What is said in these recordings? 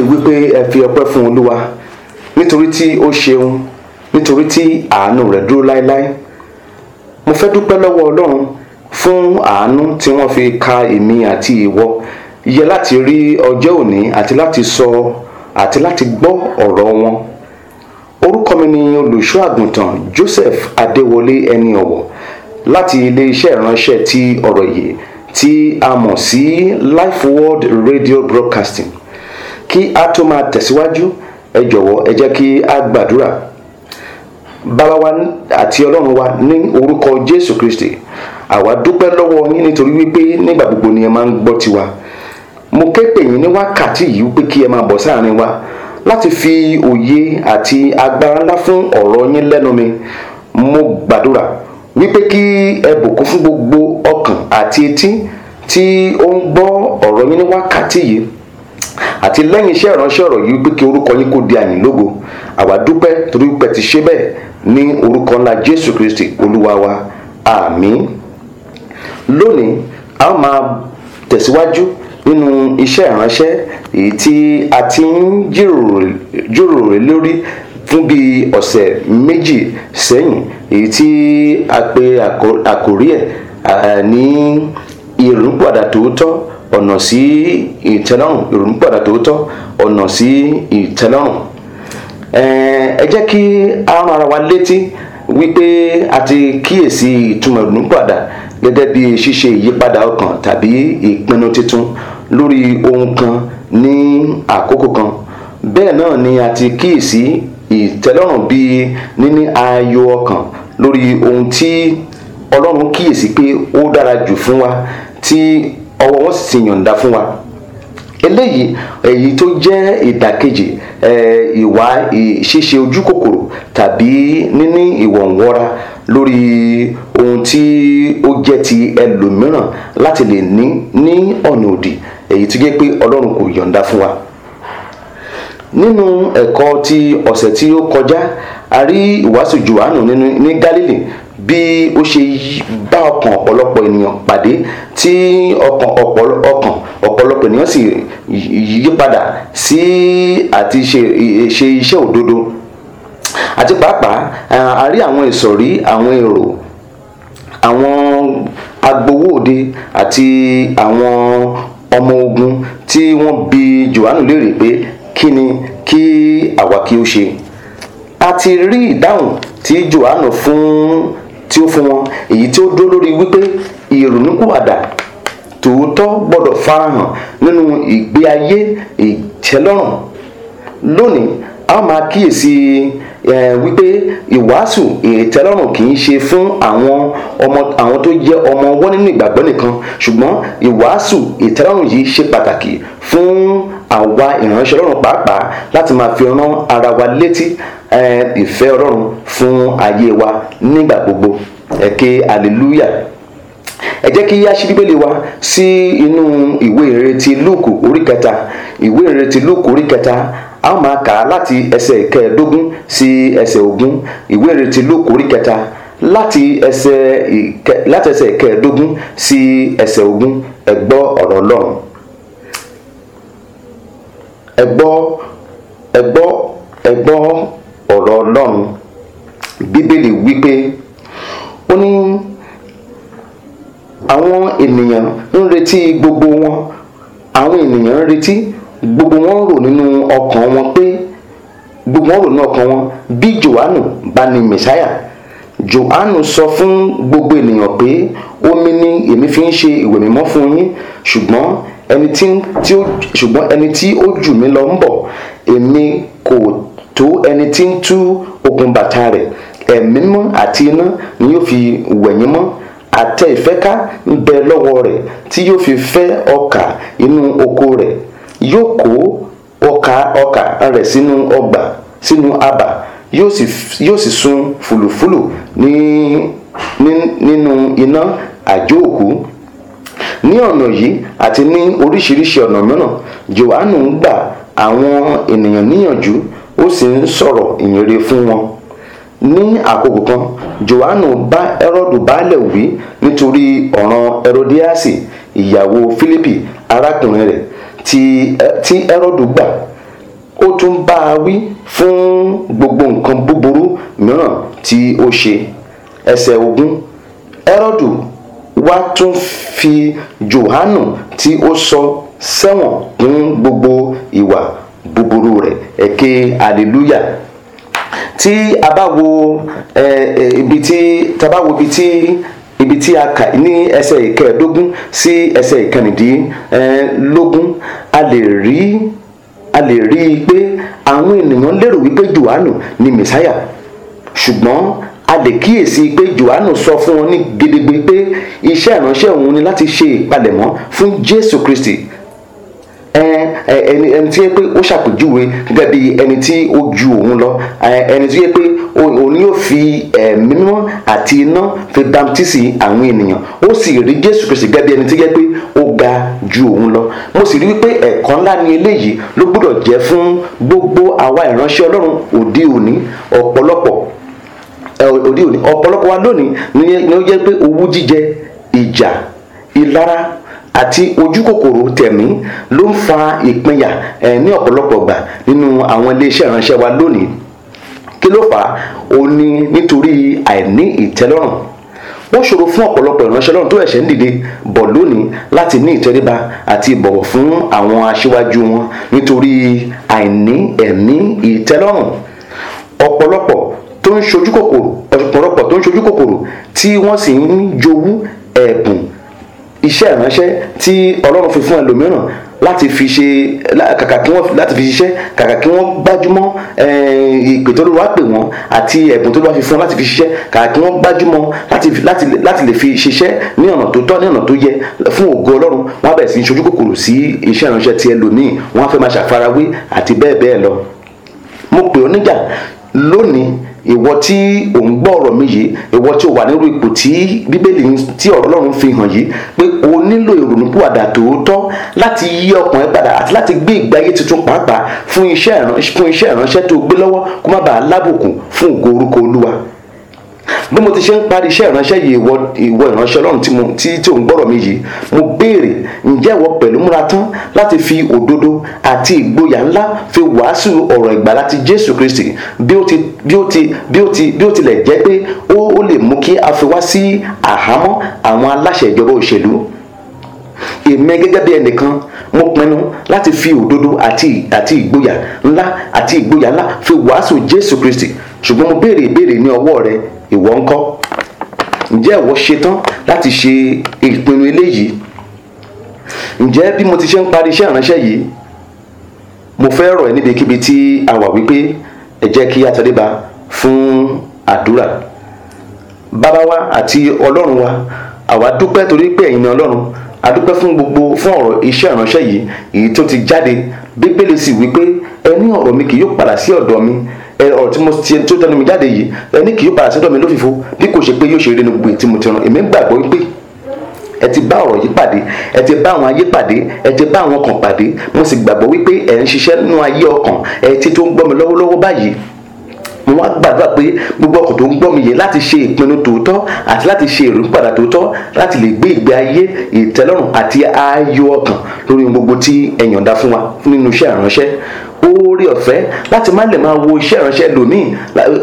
bíbélì wípé ẹ fi ọpẹ́ fún olúwa nítorí tí ó ṣeun nítorí tí àánú rẹ̀ dúró láéláé mo fẹ́ dúpẹ́ lọ́wọ́ ọlọ́run fún àánú tí wọ́n fi ka èmi àti ìwọ yẹ láti rí ọjọ́ òní àti láti sọ àti láti gbọ́ ọ̀rọ̀ wọn orúkọ mi ni olùṣọ́ àgùntàn Joseph Adéwọlé ẹni ọ̀wọ̀ láti iléeṣẹ́ ìránṣẹ́ ti ọ̀rọ̀ yìí tí a mọ̀ sí Life World Radio Broadcasting kí a tó máa tẹ̀síwájú ẹ jọ̀wọ́ ẹ jẹ́ kí a gbàdúrà bàbá wa àti ọlọ́run wa ní orúkọ jésù kristi àwa dúpẹ́ lọ́wọ́ yín nítorí wípé nígbà gbogbo ni ẹ máa ń gbọ́ tiwa mo ké pè yín ní wákàtí yìí wípé kí ẹ máa bọ̀ sáàrin wa láti fi òye àti agbára ńlá fún ọ̀rọ̀ yín lẹ́nu mi mo gbàdúrà wípé kí ẹ bùkún fún gbogbo ọkàn àti etí tí ó ń gbọ́ ọ̀rọ̀ yín ní wákàtí yìí àti lẹ́yìn iṣẹ́ ìránṣẹ́ ọ̀rọ̀ yìí pé kí orúkọ yín kó di àyìn lógo àwa dúpẹ́ torí pé ti ṣe bẹ́ẹ̀ ní orúkọ ńlá Jésù Kristi olúwa wa àmín lónìí a máa tẹ̀síwájú nínú iṣẹ́ ìránṣẹ́ èyí tí a ti ń jíròrò lórí fún bí ọ̀sẹ̀ méjì sẹ́yìn èyí tí a pè àkórí ẹ̀ ní ìrònúpìwàdà tòótọ́ ọ̀nà sí ìtẹ́lọ́rùn ìrònúpìwàdà tòótọ́ ọ̀nà sí ìtẹ́lọ́rùn ẹ jẹ́ kí a rán ara wa létí wípé a ti kíyèsí ìtumọ̀ ìrònúpìwàdà gẹ́gẹ́ bí ṣíṣe ìyípadà ọkàn tàbí ìpinnu tuntun lórí ohun kan ní àkókò kan bẹ́ẹ̀ náà ni a ti kíyèsí ìtẹ́lọ́rùn bíi níní ayọ̀ ọkàn lórí ohun tí ọlọ́run kíyèsí pé ó dára jù fún wa tí ọwọ́ wọn sì ti yọ̀ǹda fún wa eléyìí èyí tó jẹ́ ìdàkejì ìwà ṣíṣe ojú kòkòrò tàbí níní ìwọ̀nwọ́ra lórí ohun tí ó jẹ́ ti ẹlòmíràn láti lè ní ní ọ̀nà òdì èyí tó jẹ́ pé ọlọ́run kò yọ̀ǹda fún wa nínú ẹ̀kọ́ ti ọ̀sẹ̀ tí ó kọjá a rí ìwàásù Jòhánù ní Gálílì bí ó ṣe bá ọkàn ọ̀pọ̀lọpọ̀ ènìyàn pàdé tí ọkàn ọkàn ọ̀pọ̀lọpọ̀ ènìyàn sì yípadà sí àti ṣe iṣẹ́ òdodo àti pàápàá a rí àwọn ìsọ̀rí àwọn èrò àwọn agbowó òde àti àwọn ọmọ ogun tí wọ́n bi Jòhánù léèrè pé kí ni kí àwa kí ó ṣe a ti rí ìdáhùn tí Jòhánù fún tí ó fún wọn èyí tí ó dúró lórí wípé ìrònúkúwàdà tòótọ́ gbọ́dọ̀ farahàn nínú ìgbé ayé ìtẹ́lọ́rùn lónìí a máa kíyèsí wípé ìwàásù ìtẹ́lọ́rùn kì í ṣe fún àwọn ọmọ àwọn tó jẹ́ ọmọ ọwọ́ nínú ìgbàgbọ́ nìkan ṣùgbọ́n ìwàásù ìtẹ́lọ́rùn yìí ṣe pàtàkì fún àwa ìránṣẹ́ ọlọ́run pàápàá láti máa fi rán ara wa létí ìfẹ́ ọlọ́run fún ayé wa nígbà gbogbo ẹ ké hallelujah ẹ jẹ́ kí a ṣí bíbélì wa sí inú ìwé ìrètí lúùkù orí kẹta ìwé ìrètí lúùkù orí kẹta a ó máa kà á láti ẹsẹ̀ ìkẹẹ̀ẹ́dógún sí ẹsẹ̀ ogún ìwé ìrètí lúùkù orí kẹta láti ẹsẹ̀ ìkẹẹ̀ẹ́dógún sí ẹsẹ̀ ogún ẹ ọ̀rọ̀ ọlọ́run ẹ gbọ́ ẹ gbọ́ ẹ gbọ́ ọ̀rọ̀ ọlọ́run bíbélì wípé ó ní àwọn ènìyàn ń retí gbogbo wọn àwọn ènìyàn ń retí gbogbo wọn rò nínú ọkàn wọn pé gbogbo wọn rò nínú ọkàn wọn bí Jòhánù bá ní mẹsáyà Jòhánù sọ fún gbogbo ènìyàn pé omi ni èmi fi ń ṣe ìwẹ̀ mímọ́ fún yín ṣùgbọ́n ẹni tí tí ó ṣùgbọ́n ẹni tí ó jù mí lọ ń bọ̀ èmi kò tó ẹni tí ń tú okùn bàtà rẹ̀ ẹ̀mí mọ́ àti iná ni yóò fi wẹ̀yìn mọ́ àtẹ ìfẹ́ká ń bẹ lọ́wọ́ rẹ̀ tí yóò fi fẹ́ ọkà inú oko rẹ̀ yóò kó ọkà ọkà rẹ̀ sínú ọgbà sínú abà yóò sì yóò sì sun fùlùfùlù ní nínú iná àjóòkú ní ọ̀nà yìí àti ní oríṣiríṣi ọ̀nà mìíràn Jòhánù ń gba àwọn ènìyàn níyànjú ó sì ń sọ̀rọ̀ ìyìnrere fún wọn ní àkókò kan Jòhánù bá Hẹ́rọ́dù baálẹ̀ wí nítorí ọ̀ràn Herodiasi ìyàwó Fílípì arákùnrin rẹ̀ tí Hẹ́rọ́dù gbà ó tún bá a wí fún gbogbo nǹkan búburú mìíràn tí ó ṣe ẹsẹ̀ ogun Hẹ́rọ́dù wá tún fi Jòhánù tí ó sọ sẹ́wọ̀n kún gbogbo ìwà búburú rẹ̀ ẹ̀kẹ́ aleluya tí a bá wo ibi tí tá a bá wo ibi tí ibi tí a kà ní ẹsẹ̀ ìkẹẹ̀ẹ́dógún sí ẹsẹ̀ ìkànnìdínlógún a lè rí a lè rí i pé àwọn ènìyàn lérò wípé Jòhánù ni mẹ̀sáyà ṣùgbọ́n a lè kíyèsí pé Jòhánù sọ fún wọn ní gedegbe pé iṣẹ́ ìránṣẹ́ òun ni láti ṣe ìpalẹ̀mọ́ fún Jésù Kristi ẹni ẹni tí yẹ pé ó ṣàpèjúwe gẹ́gẹ́ bí ẹni tí ó ju òun lọ ẹni tí yẹ pé òun yóò fi ẹ̀mí mímọ́ àti iná fi bamtísì àwọn ènìyàn ó sì rí Jésù Kristi gẹ́gẹ́ bí ẹni tí yẹ pé ó ga ju òun lọ mo sì rí wípé ẹ̀kọ́ ńlá ni eléyìí ló gbọ́dọ̀ jẹ́ fún gbogbo àwa ìránṣẹ́ Ọlọ́run òde òní ọ̀pọ̀lọpọ̀ òde òní ọ̀pọ̀lọpọ̀ wa lónìí ni ó jẹ́ pé owú jíjẹ ìjà ìlara àti ojúkòkòrò tẹ̀mí ló ń fa ìpínyà ní ọ̀pọ̀lọpọ̀ gbà nínú àwọn iléeṣẹ́ ìránṣẹ́ wa lónìí kí ló fà á ó ní nítorí àìní ìtẹ́lọ́rùn ó ṣòro fún ọ̀pọ̀lọpọ̀ ìránṣẹ́ lọ́run tó ẹ̀ṣẹ̀ ń dìde bọ̀ lónìí láti ní ìtẹríba àti ìbọ̀wọ̀ fún àwọn aṣíwájú wọn nítorí àìní ẹ̀mí ìtẹ́lọ́rùn ọ̀pọ̀lọpọ̀ tó ń ṣojú kòkòrò ọ̀pọ̀lọpọ̀ tó ń ṣojú kòkòrò tí wọ́n sì ń jowú ẹ̀bùn iṣẹ́ ìránṣẹ́ tí ọlọ́run fi fún ẹlòmíràn láti fi ṣe kàkà kí wọ́n láti fi ṣiṣẹ́ kàkà kí wọ́n gbájúmọ́ ìpè tó ló wá pè wọ́n àti ẹ̀bùn tó ló wá fi fún láti fi ṣiṣẹ́ kàkà kí wọ́n gbájúmọ́ láti láti láti lè fi ṣiṣẹ́ ní ọ̀nà tó tọ́ ní ọ̀nà tó yẹ fún ògo ọlọ́run wọ́n á bẹ̀rẹ̀ sí í ṣojú kòkòrò sí iṣẹ́ ìránṣẹ́ ti ẹlòmíì wọ́n á fẹ́ máa ṣàfarawé àti bẹ́ẹ̀ bẹ́ẹ̀ lọ mo pè ọ́ níjà lónìí ìwọ tí ò ń gbọ́ ọ̀rọ̀ mi yìí ìwọ tí o wà nírú ipò tí bíbélì tí ọ̀rọ̀ ọlọ́run fi hàn yìí pé o nílò ìrònúpìwàdà tòótọ́ láti yí ọkàn ẹ padà àti láti gbé ìgbé ayé tuntun pàápàá fún iṣẹ́ ìránṣẹ́ tó gbé lọ́wọ́ kó má bàa lábùkù fún ògo orúkọ olúwa bí mo ti ṣe ń parí iṣẹ́ ìránṣẹ́ yìí ìwọ ìwọ ìránṣẹ́ ọlọ́run tí mo tí tí ò ń gbọ́rọ̀ mi yìí mo béèrè ǹjẹ́ ìwọ pẹ̀lú múra tán láti fi òdodo àti ìgboyà ńlá fi wàásù ọ̀rọ̀ ìgbàlá ti jésù kristi bí ó ti bí ó ti bí ó ti bí ó tilẹ̀ jẹ́ pé ó ó lè mú kí a fi wá sí àhámọ́ àwọn aláṣẹ ìjọba òṣèlú èmi gẹ́gẹ́ bí ẹnìkan mo pinnu láti fi òdodo àti àti ìgboyà ńlá àti ìgboyà ńlá fi wàásù jésù kristi ṣùgbọ́n mo béèrè ìbéèrè ní ọwọ́ rẹ ìwọ ńkọ́ ǹjẹ́ ìwọ ṣetán láti ṣe ìpinnu eléyìí ǹjẹ́ bí mo ti ṣe ń parí iṣẹ́ ìránṣẹ́ yìí mo fẹ́ rọ̀ ẹ́ níbikíbi tí a wà wípé ẹ jẹ́ kí a tẹríba fún àdúrà bàbá wa àti ọlọ́run wa àwa dúpẹ́ torí pé ẹ̀yin ni ọlọ́run a dúpẹ́ fún gbogbo fún ọ̀rọ̀ iṣẹ́ ìránṣẹ́ yìí èyí tó ti jáde bíbélì sì wípé ẹni ọ̀rọ̀ mi kì yóò padà sí ọ̀dọ̀ mi ọ̀rọ̀ tí mo ti tó tẹnu mi jáde yìí ẹni kì yóò padà sọ́dọ̀ mi lófìfo bí kò ṣe pé yóò ṣe rí inú gbogbo ètí mo ti rán èmi ń gbàgbọ́ wípé ẹ ti bá ọ̀rọ̀ yìí pàdé ẹ ti bá àwọn ayé pàdé ẹ ti bá àwọn ọkàn pàdé mo sì gbàgbọ́ wípé ẹ̀ ń ṣiṣẹ́ nínú ayé ọkàn ẹ ti tó ń gbọ́ mi lọ́wọ́lọ́wọ́ báyìí mo wá gbàdúrà pé gbogbo ọkàn tó ń gbọ́ mi yìí láti ṣe ìpinnu tòótọ́ àti láti ṣe ìrònúpìwàdà tòótọ́ láti lè gbé ìgbé ayé ìtẹ́lọ́rùn àti ayọ̀ ọkàn lórí gbogbo tí ẹ yọ̀ǹda fún wa nínú iṣẹ́ ìránṣẹ́ oore ọ̀fẹ́ láti má lè máa wo iṣẹ́ ìránṣẹ́ lòmíì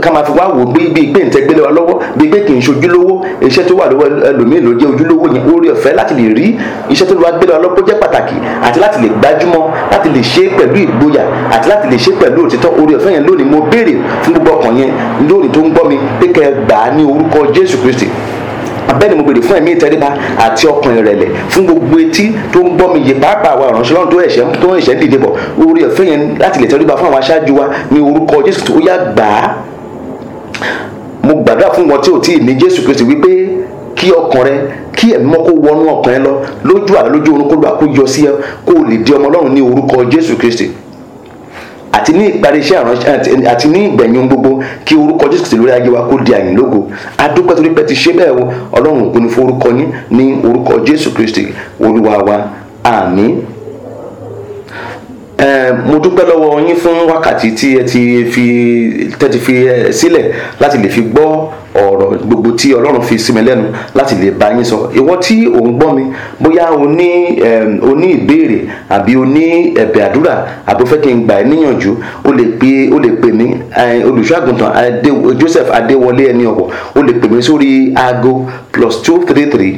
ká máa fi wá wò bí bí pé ǹtẹ́ gbélé wa lọ́wọ́ bí pé kì í ṣe ojúlówó iṣẹ́ tó wà lọ́wọ́ lòmíì ló jẹ́ ojúlówó yẹn oore ọ̀fẹ́ láti lè rí iṣẹ́ tó wá gbélé wa lọ́wọ́ jẹ́ pàtàkì àti láti lè gbájúmọ́ láti lè ṣe pẹ̀lú ìgboyà àti láti lè ṣe pẹ̀lú òtítọ́ oore ọ̀fẹ́ yẹn lónìí mo béèrè fún gbogbo ọkàn yẹn lónìí tó ń gbọ́ mi pé kẹ́ gbà á ní orúkọ Jésù Kristi bẹ́ẹ̀ ni mo gbèrè fún ẹ̀mí ìtẹríba àti ọkàn ìrẹ̀lẹ̀ fún gbogbo etí tó ń gbọ́ mi yè pàápàá àwa ìránṣẹ́ Ọlọ́run tó ẹ̀ṣẹ̀ tó ẹ̀ṣẹ̀ dìde bọ̀ orí ọ̀fẹ́ yẹn láti lè tẹríba fún àwọn aṣáájú wa ní orúkọ Jésù tó yá gbà á mo gbàdúrà fún wọn tí ò tí ì ní Jésù Kristi wípé kí ọkàn rẹ kí ẹ̀mí mọ́ kó wọnú ọkàn ẹ lọ lójú àlá lójú orun kó lọ àkójọ sí ẹ kó o lè di ọmọ Ọlọ́run ní orúkọ Jésù Kristi àti ní ìparí iṣẹ́ àránṣẹ́ àti ní ìgbẹ̀yìn gbogbo kí orúkọ jésù kìí lórí ayé wa kó di àyìn lógo adúpẹ́ torí pé ti ṣe bẹ́ẹ̀ ọlọ́run kò ní forúkọ ní orúkọ jésù kristi olúwa wa àmín mo dúpẹ́ lọ́wọ́ yín fún wákàtí tí ẹ ti fi tẹ́ ti fi sílẹ̀ láti lè fi gbọ́ ọ̀rọ̀ gbogbo tí ọlọ́run fi sí mi lẹ́nu láti lè bá yín sọ ìwọ tí ò ń gbọ́ mi bóyá o ní o ní ìbéèrè àbí o ní ẹ̀bẹ̀ àdúrà àbí o fẹ́ kí n gbà ẹ́ níyànjú o lè pè o lè pè mí olùṣọ́àgùntàn Joseph Adéwọlé ẹni ọ̀wọ̀ o lè pè mí sórí aago plus two three three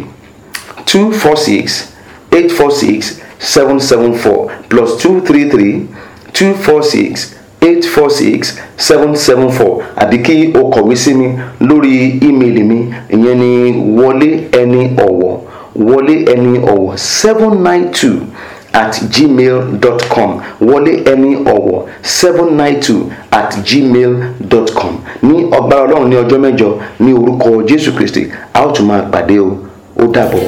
two four six eight four six 774 plus 233 246 846774 àbí kí o kọ̀wé sí mi lórí ímeèlì mi ìyẹn ni wọlé ẹni ọ̀wọ̀ wọlé ẹni ọ̀wọ̀ seven nine two at gmail dot com wọlé ẹni ọ̀wọ̀ seven nine two at gmail dot com ní ọgbàrá ọlọ́run ní ọjọ́ mẹ́jọ ní orúkọ jésù kristi a ó tún máa pàdé o ó dàbọ̀.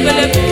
Bele bele